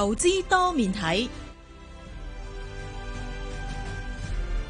投資多面睇，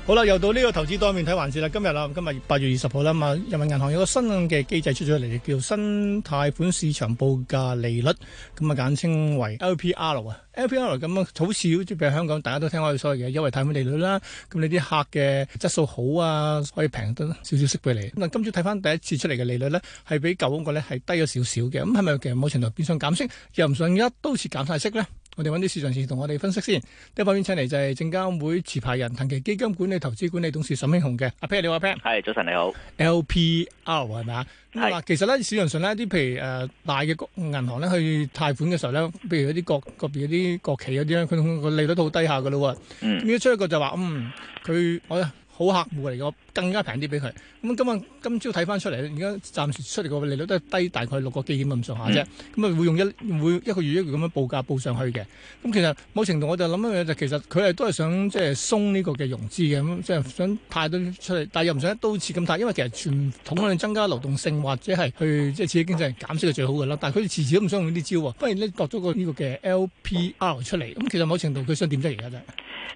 好啦，又到呢個投資多面睇環節啦。今日啊，今日八月二十號啦，嘛。人民銀行有個新嘅機制出咗嚟，叫新貸款市場報價利率，咁啊，簡稱為 LPR 啊。LPR 咁就好似好似譬如香港，大家都聽開所謂嘅優惠貸款利率啦。咁你啲客嘅質素好啊，可以平得少少息俾你。咁啊，今朝睇翻第一次出嚟嘅利率呢，係比舊嗰個呢係低咗少少嘅。咁係咪其實某程度變相減息，又唔想一刀切減晒息呢？我哋揾啲市場人士同我哋分析先，第一方面請嚟就係證監會持牌人騰祺基金管理投資管理董事沈慶洪嘅，阿 Pan 你好啊 Pan，係早晨你好 LPR 係咪啊？係是。其實咧市場上咧啲譬如誒、呃、大嘅銀行咧去貸款嘅時候咧，譬如一啲國國別嗰啲國企嗰啲咧，佢個利率都好低下嘅咯喎。咁一、嗯、出一個就話，嗯，佢我咧。好客戶嚟，我更加平啲俾佢。咁今日今朝睇翻出嚟，而家暫時出嚟個利率都係低，大概六個基點咁上下啫。咁啊、嗯、會用一會一個月一個月咁樣報價報上去嘅。咁、嗯、其實某程度我就諗一樣嘢，就其實佢係都係想即係鬆呢個嘅融資嘅，咁即係想派多啲出嚟，但係又唔想一刀切咁派，因為其實傳統你增加流動性或者係去即係刺激經濟減息係最好㗎啦。但係佢遲遲都唔想用呢啲招喎，反而你度咗個呢個嘅 LPR 出嚟。咁、嗯、其實某程度佢想點啫？而家真係。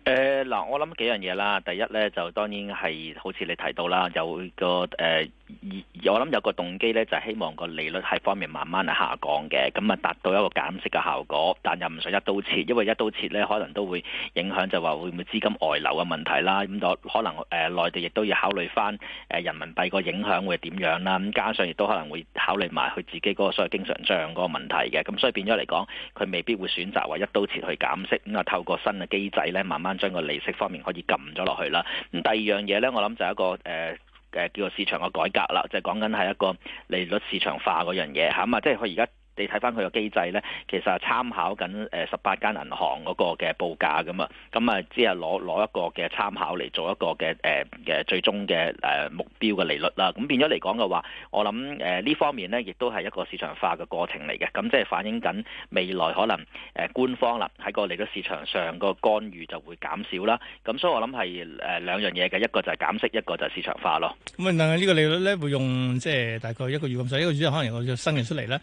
誒，嗱，呃，我諗幾樣嘢啦。第一咧，就當然係好似你提到啦，有個誒。呃而我諗有個動機咧，就係、希望個利率喺方面慢慢係下降嘅，咁啊達到一個減息嘅效果，但又唔想一刀切，因為一刀切咧可能都會影響就話會唔會資金外流嘅問題啦。咁就可能誒、呃、內地亦都要考慮翻誒人民幣個影響會點樣啦。咁加上亦都可能會考慮埋佢自己嗰個所謂經常帳嗰個問題嘅。咁所以變咗嚟講，佢未必會選擇話一刀切去減息，咁啊透過新嘅機制咧，慢慢將個利息方面可以撳咗落去啦。咁第二樣嘢咧，我諗就係一個誒。呃誒叫做市場嘅改革啦，就係講緊係一個利率市場化嗰樣嘢嚇嘛，即係佢而家。你睇翻佢個機制咧，其實係參考緊誒十八間銀行嗰個嘅報價㗎嘛，咁啊，只係攞攞一個嘅參考嚟做一個嘅誒嘅最終嘅誒目標嘅利率啦。咁變咗嚟講嘅話，我諗誒呢方面咧，亦都係一個市場化嘅過程嚟嘅。咁即係反映緊未來可能誒官方啦喺個利率市場上個干預就會減少啦。咁所以我諗係誒兩樣嘢嘅，一個就係減息，一個就係市場化咯。咁啊，但係呢個利率咧會用即係大概一個月咁滯，一個月可能又有個新嘅出嚟啦。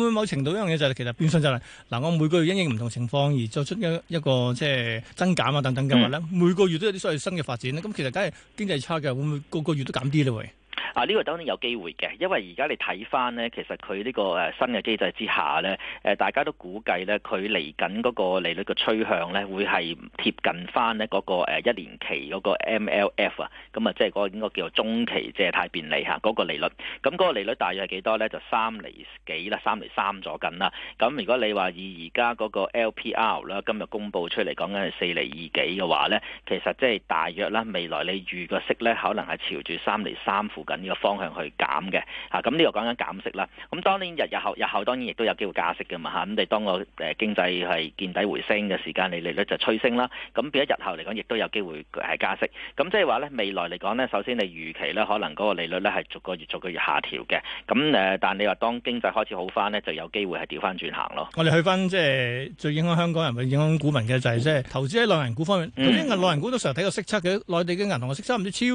會唔會某程度一樣嘢就係、是、其實變相就係、是、嗱，我每個月因應唔同情況而作出一一個即係增減啊等等嘅話咧，每個月都有啲所謂新嘅發展咧，咁其實梗係經濟差嘅，會唔會個個月都減啲咧？啊！呢、這個當然有機會嘅，因為而家你睇翻呢，其實佢呢個誒新嘅機制之下呢，誒大家都估計呢，佢嚟緊嗰個利率嘅趨向呢，會係貼近翻呢嗰、那個一年期嗰個 MLF 啊，咁啊，即係嗰個應該叫做中期借貸便利嚇嗰、那個利率，咁、那、嗰個利率大約係幾多呢？就三厘幾啦，三厘三咗緊啦。咁如果你話以而家嗰個 LPR 啦，今日公布出嚟講緊係四厘二幾嘅話呢，其實即係大約啦，未來你預個息呢，可能係朝住三厘三附近。呢個方向去減嘅嚇，咁、啊、呢、這個講緊減息啦。咁、嗯、當然日日後日後當然亦都有機會加息嘅嘛嚇。咁、啊、你、嗯、當個誒、呃、經濟係見底回升嘅時間，你利率就趨升啦。咁、啊、變咗日後嚟講，亦都有機會係加息。咁、啊、即係話咧，未來嚟講咧，首先你預期咧，可能嗰個利率咧係逐個月逐個月下調嘅。咁、啊、誒，但係你話當經濟開始好翻咧，就有機會係調翻轉行咯。我哋去翻即係最影響香港人、影響股民嘅就係即係投資喺內銀股方面。投資喺內銀股都成日睇個息差嘅，內地嘅銀行嘅息差唔知超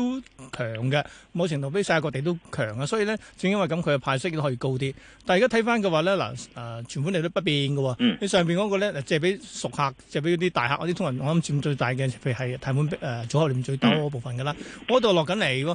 強嘅，冇程度世界各地都強啊，所以咧，正因為咁，佢嘅派息都可以高啲。但係而家睇翻嘅話咧，嗱、呃，誒，存款利率不變噶、啊，嗯、你上邊嗰個咧，借俾熟客，借俾啲大客嗰啲，通常我諗佔最大嘅譬如係貸款誒組合裏邊最多部分噶啦。嗰度落緊嚟喎，咁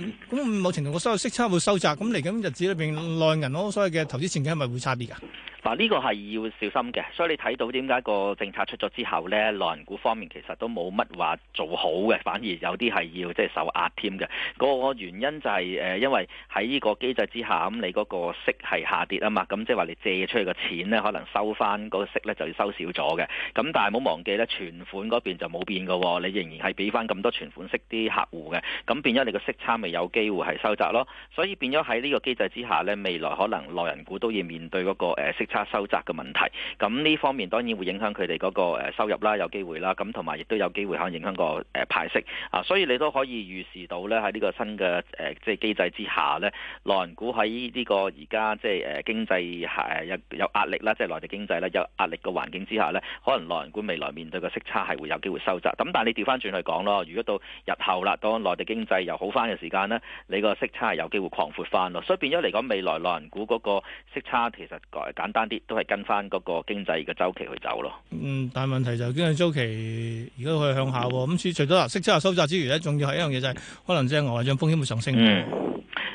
啊，咁某程度個收入息差會收窄。咁嚟緊日子裏邊內銀嗰所謂嘅投資前景係咪會差啲噶？嗱，呢個係要小心嘅，所以你睇到點解個政策出咗之後咧，內銀股方面其實都冇乜話做好嘅，反而有啲係要即係受壓添嘅。嗰個原因就係誒，因為喺呢個機制之下，咁你嗰個息係下跌啊嘛，咁即係話你借出去嘅錢咧，可能收翻嗰個息咧就要收少咗嘅。咁但係唔好忘記咧，存款嗰邊就冇變嘅喎，你仍然係俾翻咁多存款息啲客戶嘅，咁變咗你個息差咪有機會係收窄咯。所以變咗喺呢個機制之下咧，未來可能內銀股都要面對嗰個誒息。差收窄嘅問題，咁呢方面當然會影響佢哋嗰個收入啦，有機會啦，咁同埋亦都有機會可能影響個誒派息啊，所以你都可以預示到咧喺呢個新嘅誒即係機制之下咧，內銀股喺呢個而家即係誒經濟誒有、呃、有壓力啦，即、就、係、是、內地經濟咧有壓力嘅環境之下咧，可能內銀股未來面對嘅息差係會有機會收窄。咁、嗯、但係你調翻轉去講咯，如果到日後啦，當內地經濟又好翻嘅時間咧，你個息差係有機會擴闊翻咯。所以變咗嚟講，未來內銀股嗰個息差其實誒簡單。翻啲都係跟翻嗰個經濟嘅周期去走咯。嗯，但係問題就經濟周期而家佢向下喎。咁除除咗息差收窄之餘咧，仲要係一樣嘢，就係可能即係外匯帳風險會上升。嗯。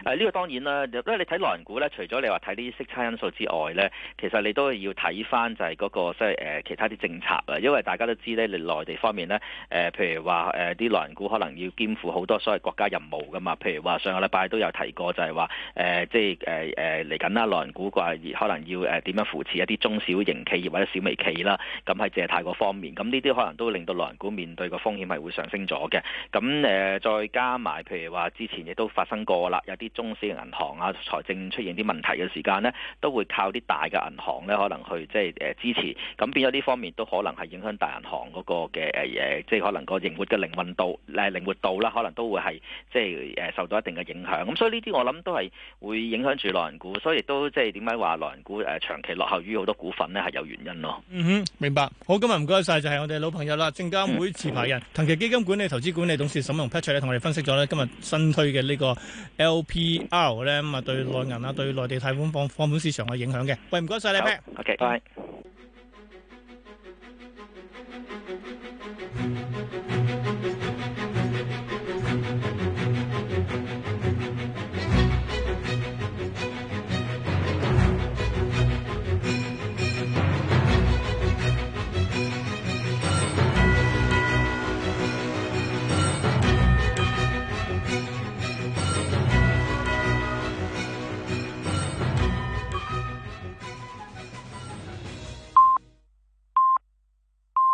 誒呢個當然啦，因為你睇內銀股咧，除咗你話睇啲息差因素之外咧，其實你都係要睇翻就係嗰、嗰個即係誒其他啲政策啊，因為大家都知咧，你內地方面咧，誒、呃、譬如話誒啲內銀股可能要肩負好多所謂國家任務噶嘛，譬如話上個禮拜都有提過就，就係話誒即係誒誒嚟緊啦，內、呃、銀股話可能要誒點樣扶持一啲中小型企業或者小微企業啦，咁係借貸嗰方面，咁呢啲可能都令到內銀股面對個風險係會上升咗嘅。咁誒、呃、再加埋譬如話之前亦都發生過啦，有啲。中小銀行啊，財政出現啲問題嘅時間呢，都會靠啲大嘅銀行呢，可能去即係誒、呃、支持，咁變咗呢方面都可能係影響大銀行嗰個嘅誒、呃、即係可能個靈活嘅靈運度誒靈活度啦、呃，可能都會係即係誒、呃、受到一定嘅影響。咁所以呢啲我諗都係會影響住內銀股，所以亦都即係點解話內銀股誒、呃、長期落後於好多股份呢，係有原因咯。嗯哼，明白。好，今日唔該晒，就係我哋老朋友啦，證監會持牌人騰、嗯嗯、祺基金管理投資管理董事、董事沈慶洪 Patrick 同我哋分析咗呢今日新推嘅呢個 LP、LP E.R. 咧咁啊，對內銀啊，對內地貸款放放款市場嘅影響嘅。喂，唔該晒你，Peter。OK，bye。